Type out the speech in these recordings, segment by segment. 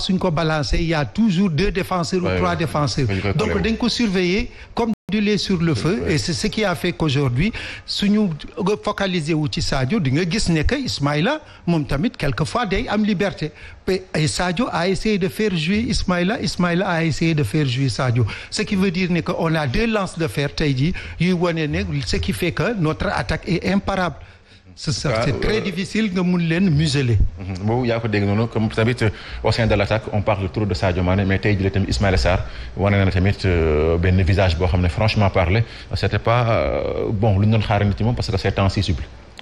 suñ ko balancé il y a toujours deux défenseurs ou trois défenseurs donc on ko surveiller comme du lait sur le feu et c'est ce qui a fait qu'aujourd'hui suñu focaliser wu ci Sadio di nga gis que Ismaïla mom tamit quelquefois day am liberté et Sadio a essayé de faire jouer Ismaïla Ismaïla a essayé de faire jouer Sadio ce qui veut dire qu'on a deux lances de fer ce qui fait que notre attaque est imparable ce serait très euh, difficile de mun leen museler. Mhm. boobu yaa ko dégg noonu comme tamit euh, au sein de l'attaque on parle trop de Sadio Mané mais tey jii tamit Ismaïla Sarr wane na tamit ben visage bon, franchement parler c'était pas bon lu ñu doon ci parce que c'est temps si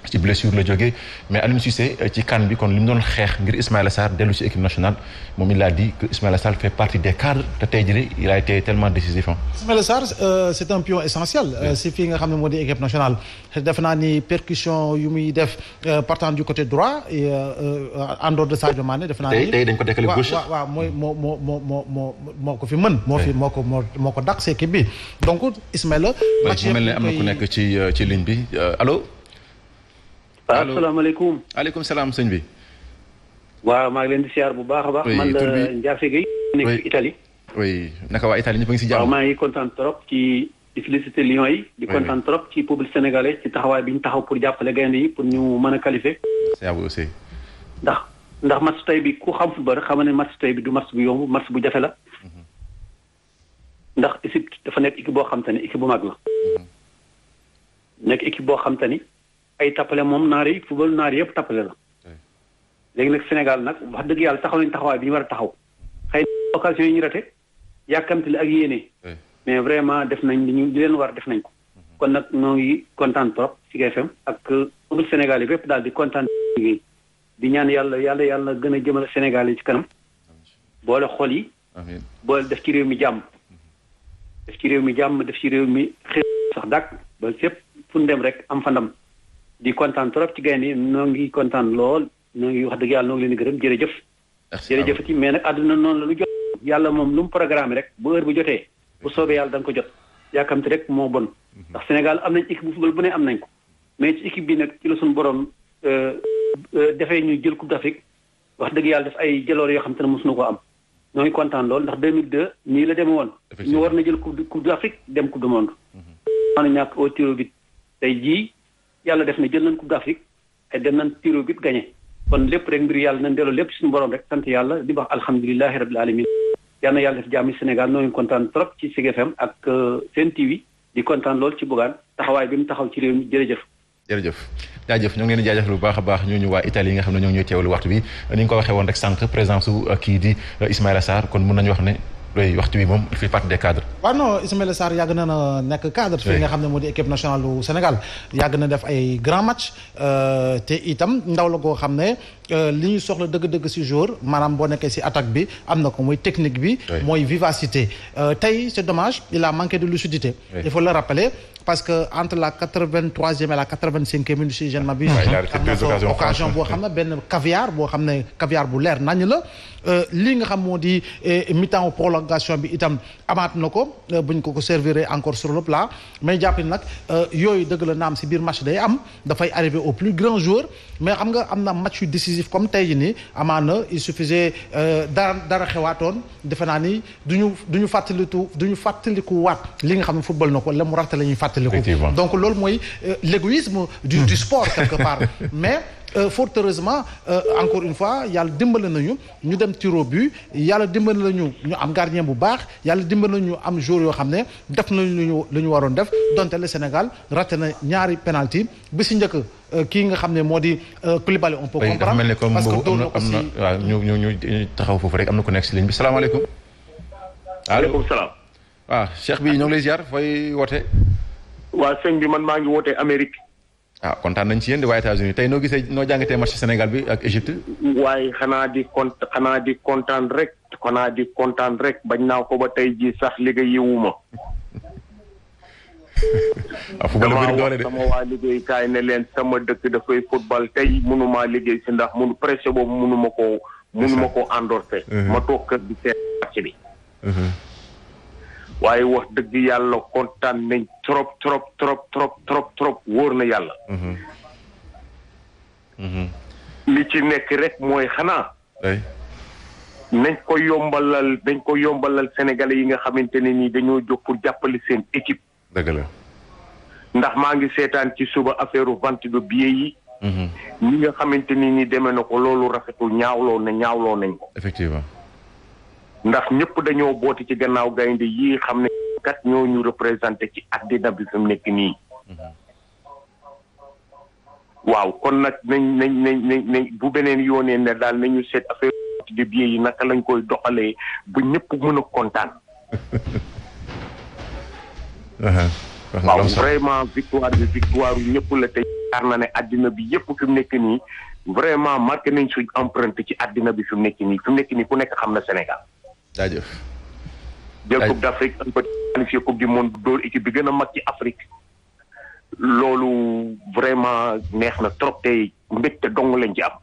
ci blessure la jógee mais Aliou Cissé euh, ci kan bi kon lim doon xex ngir Ismaïla sar delu ci équipe nationale moom il a dit que Ismaïla sar fait partie des cadres te tey jii il a été tellement décisif. Hein. Ismaïla Sarr c' euh, c'est un pion essentiel. Euh, si fii nga xam ne moo di équipe nationale. def na ni percussion yu muy def partant du côté droit et en dehors de Sadio Mané. def na ni tay dañ ko dekkale gauche. wa wa mooy mo mo mo moo moo ko fi mën. mo fi moko moko moo ko équipe bi donc Ismaïla. match yëpp mel ne am na ku nekk ci ci ligne bi allô allo alekum aleykum salaam sëñ bi. waaw maa ngi leen di siyaar bu baax a baax. man la Ndiasse Gueye. nekk Italie. oui naka waa Italie ñëpp a ngi si jàmm. maa ngi kontaan trop ci di yi. di ci peuple sénégalais ci taxawaay bi ñu taxaw pour jàppale gaynde yi pour ñu mën a qualifier. c'est à vous ndax ndax match tey bi ku xam football xam nga ne match tey bi du match bu yomb match bu jafe la. Mhm. ndax Égypte dafa nekk équipe boo xam te ne équipe bu mag la. Mhm. nekk équipe boo xam te ni ay tappale moom naar yi football naar yëpp tappale la léegi nag Sénégal nag wax dëgg yàlla taxaw nañ taxawaay bi ñu war a taxaw xëy na yi ñu rate yàkkamti la ak yéene mais vraiment def nañ li ñu li leen war def nañ ko mhm. kon nag ñoo ngi kontaan trop ci GFM ak ëngul Sénégal yi bépp daal di kontaan liggéey di ñaan yàlla yàlla yàlla gën a jëmal Sénégal yi ci kanam boole xool yi boole mhm. def ci réew mi jàmm def ci réew mi jàmm def ci réew mi xëy sax dàq ba fépp fu ndem rek am fa di kontaan trop ci gaynde yi noo ngi kontaan lool noo ngi wax dëgg yàlla noo ngi leen di gërëm jërëjëf. jërëjëfati mais nag àdduna noonu la lu jot. yàlla moom lu mu programme rek bu heure bu jotee bu soobee yàlla da nga ko jot yaakamte rek moo bon mhm. ndax Sénégal am nañ équipe bu football bu ne am nañ ko mais ci équipe bi nag ci la suñu borom euh, euh, defee ñu jël coupe d'Afrique wax dëgg yàlla def ay jëloor yoo xam te ne mosuñu ko am ñoo ngi kontaan lool ndax 2002 nii la deme woon ñu war na jël coupe coupe d'Afrique dem coupe du monde mhm. maanaam tey jii yalla def ne jël nañ coupe d'afrique ay dem nañ tiro bit gagné kon lepp rek mbir yalla nañ delloo lepp suñu borom rek sant yalla di wax alhamdulilahi rabbil alamin yalla yalla def jami senegal noo ngi trop ci sig ak euh, sen tv di contane lol ci bugan taxaway bi mu taxaw ci rew mi jërëjëf jërëjëf jaajëf ñu ngi leen di jaajëfal bu baax baax ñu ñu wa italy nga xamne ne ñoo ngi waxtu bi ni ko waxee won rek sank présence euh, ki di euh, Ismaïla sar kon mën nañ wax ne il fait partie des cadres. non cadre. Il y a équipe nationale du Sénégal Il un grand match Il itam a un koo xam ne euh, soxla grand match. Il jour une technique vivacité euh, c'est dommage il a manqué de lucidité. il faut le rappeler parce que entre la 83e et la 85e minute si je ne m'abuse. il a arrêté deux occasions occasion ben caviar boo caviar bu leer nañ la. Euh, li nga xam moo euh, mi-temps prolongation bi itam amaat na ko euh, buñ ko ko encore sur le plat mais jàpp ni yo, yooyu dëgg le naam si biir match day am dafay arriver au plus grand jour. mais xam nga am match décisif comme tey jii nii il suffisait dara dara xewaatoon defe naa ni du ñu du ñu fàttaliku du ñu fàttaliku waat li nga xam football na ko la mu raxte la ñuy donc loolu moy euh, l'égoïsme du du sport quelque part mais Euh, fort heureusement euh, encore une fois yàlla dimbali nañu ñu dem tir au but yalla dimbali nañu ñu am gardien bu baax yalla dimbali nañu am joueur yo xamné def nañu lañu waron def donté le Sénégal raté na ñaari penalty bi ci ñëk euh, kii nga xamné modi euh, Koulibaly on peut comprendre parce que amna na am ñu ñu ñu taxaw fofu rek amna ko ku nekk si ligne bi salaamaaleykum. allo waaleykum ah, salam waaw Cheikh bi ñoo lay ziar fay woté waa sëñ bi man maa ngi wootee Amérique. ah kontaan nañ ci yéen di waa États-Unis tey no gisee noo jàngatee match Sénégal bi ak Égypte. waaye xanaa di kont xanaa di kontaan rek xanaa di kontaan rek bañ naa ko ba tey jii sax liggéey yiwuma ah football bëri doole de waa liggéeykaay ne leen sama dëkk dafay football tey maa liggéey si ndax munu pression boobu mënuma koo mënuma koo endorser. Mhm. ma toog kër bi seet match bi. Mhm. waaye wax dëgg yàlla kontaan nañ trop trop trop trop trop trop wóor na yàlla. Mhm. Mhm. li ci nekk rek mooy xanaa. nañ ko yombalal dañ ko yombalal sénégalais yi nga xamante ne nii dañoo jóg pour jàppale seen équipe. dëgg la. ndax maa ngi seetaan ci suba affaire vente de billets yi. Mhm. ñi nga xamante ni nii demee na ko loolu rafetul ñaawloo na ñaawloo nañ ko. effectivement. ndax ñëpp dañoo booti ci gannaaw gaynde yii xam ne kat ñoo ñu représenté ci àddina bi fi mu nekk nii. waaw kon nag nañ nañ nañ nañ bu beneen yoonee ne daal nañu seet affaire de biir yi naka lañ koy doxalee bu ñëpp mën a kontaan. waaw vraiment victoire bi victoire yu ñëpp la te yaakaar na ne àddina bi yëpp fi mu nekk nii vraiment marqué nañ suñ empreinte ci àddina bi fi mu nekk nii fi nekk nii ku nekk xam na Sénégal. jaajëf. jël coupe d' Afrique un peu qualifié coupe du bi gën a mag ci Afrique. loolu vraiment neex na trop tey te dong lañ ci am.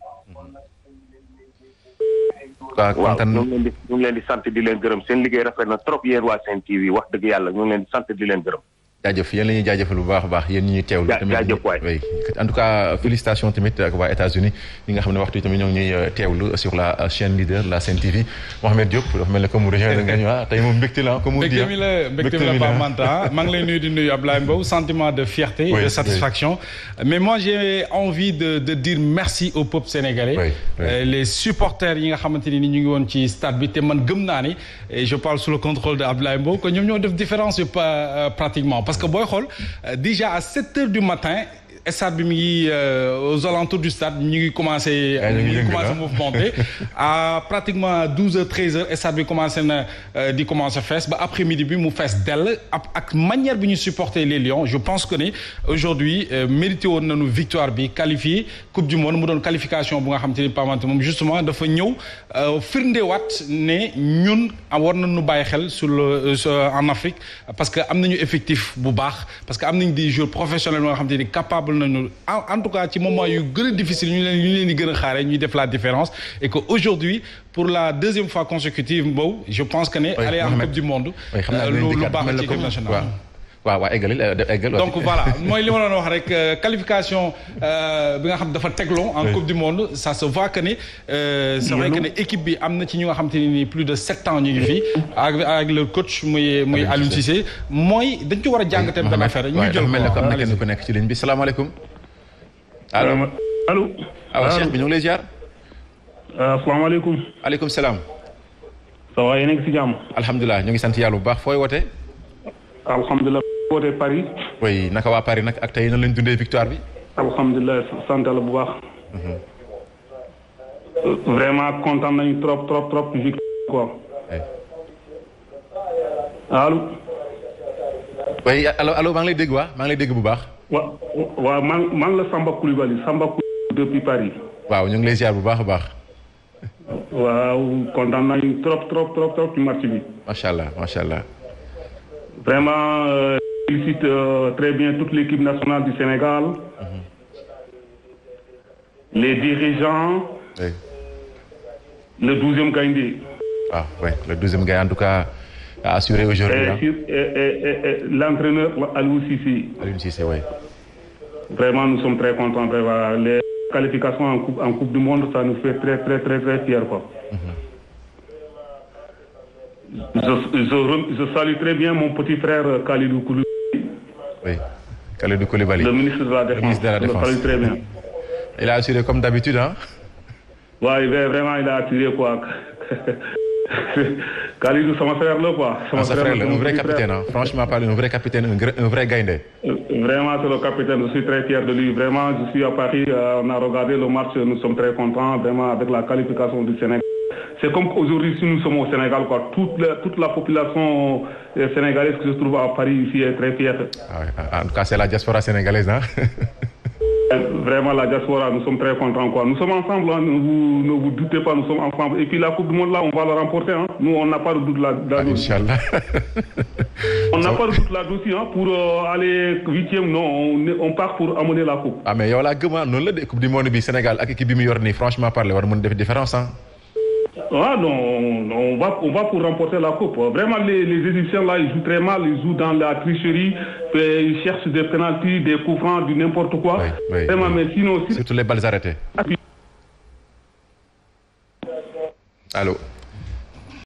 waaw kontaan ñu ngi leen di ñu leen di sant di leen gërëm seen liggéey rafet na trop yéen waa Sen TV wax dëgg yàlla ñu ngi leen di sant di leen gërëm. jaajëf yéen la ñuy jaajëfal bu baax a baax yéen ñi ñu teewlu tamit jaajëf en tout cas félicitations tamit ak waa États-Unis ñi nga xam ne waxtu tamit ñoo ngi ñuy euh, teewlu sur la euh, chaîne leader la Sen TV Mohamed Diop dafa mel ne comme région nga ñu ah tey moom mbégte la comme ah. mbégte mi la mbégte la pas manta ah. maa ngi lay nuyu di nuyu Ablaye Mbow sentiment de fierté et de satisfaction mais moi j'ai envie de de dire merci au peuple sénégalais euh, les supporters yi nga xamante ni ñu ngi woon ci stade bi te man gëm naa ni je parle sous le contrôle de Ablaye Mbow que ñoom ñoo def différence pratiquement parce que Boy euh, déjà à 7h du matin, stade bi euh, aux alentours du stade ñu ngi commencé à eh, euh, ngi à pratiquement 12 h 13h stade bi commencé na euh, di commencé à ba après midi bi mu d'elle dell ak manière bi ñu supporter les Lions je pense que ni aujourd'hui mérité won nañu victoire bi qualifié coupe du monde mu une qualification bu nga xam justement dafa ñëw fait né ñun war nañu baye xel sur en Afrique parce que nous effectif bu baax parce que amnañu des joueurs professionnels nga xam capable en tout cas à ce moment yu y a difficile ñu leen ñu leen di a ñuy def la différence et que aujourd'hui pour la deuxième fois consécutive je pense que allé aller la coupe du monde euh, lu baax ci équipe nationale waaw waaw eggalil euh, eggal donc voilà mooy li ma doon wax rek euh, qualification euh, bi nga xam dafa teglon en coupe du monde ça se voit que ni c'est vrai que ne équipe bi am na ci ñu nga xam te ni plus de sept ans ñu ngi fi ak ak le coach muy muy Aliou Cissé mooy dañ ci war a jàng tamit benn affaire ñu jël mel ne am na ko nekk ci ligne bi salaamaaleykum allo allo waaw Cheikh bi ñu ngi lay ziar asalaamaaleykum aleykum salaam ça va yéen a ngi si jàmm alhamdulilah ñu ngi sant yàlla bu baax fooy wootee Paris. oui Paris victoire mhm. vraiment content trop trop trop victoire eh. allo. oui allo allo maa ngi lay dégg wa la Samba depuis Paris. waaw ñu ngi lay ziar trop trop trop trop Vraiment, euh, je félicite euh, très bien toute l'équipe nationale du Sénégal, mhm. les dirigeants, le 12e Gaïndé. Ah oui, le 12e en tout cas, assuré aujourd'hui. Hein. L'entraîneur Alou Sissi. Alou Sissi, oui. Vraiment, nous sommes très contents. Les qualifications en Coupe, du Monde, ça nous fait très, très, très, très fiers. Quoi. Je, salue très bien mon petit frère euh, Khalidou Koulibaly. Oui, Koulibaly. Le ministre de la Défense. Je salue très bien. Il a assuré comme d'habitude, hein Oui, vraiment, il a assuré quoi. Khalidou, c'est mon frère ah, le quoi. un vrai capitaine, Hein. franchement, parlé, un vrai capitaine, un, vrai, vrai euh, Vraiment, c'est le capitaine, je suis très fier de lui. Vraiment, je suis à Paris, euh, on a regardé le match, nous sommes très contents, vraiment, avec la qualification du Sénégal. C'est comme aujourd'hui, si nous sommes au Sénégal, quoi. Toute, la, population euh, sénégalaise qui se trouve à Paris ici est très fière. Ah ah, en tout cas, c'est la diaspora sénégalaise, hein euh, Vraiment, la diaspora, nous sommes très contents. Nous sommes ensemble, hein, ne, vous, doutez pas, nous sommes ensemble. Et puis la Coupe du Monde, là, on va la remporter. Hein. Nous, on n'a pas de doute là. dessus ah, on n'a pas de doute là dessus Hein, pour euh, aller aller e non, on, part pour amener la Coupe. Ah, mais il y a la Coupe du Monde du Sénégal, avec qui franchement, parler, il y a une différence. Hein. Ah non, on va, on va pour remporter la coupe. Vraiment, les, les Égyptiens là, ils jouent très mal, ils jouent dans la tricherie, euh, ils cherchent des pénalties, des coups francs, du n'importe quoi. Vraiment, mais sinon aussi. Surtout les balles arrêtées. Allô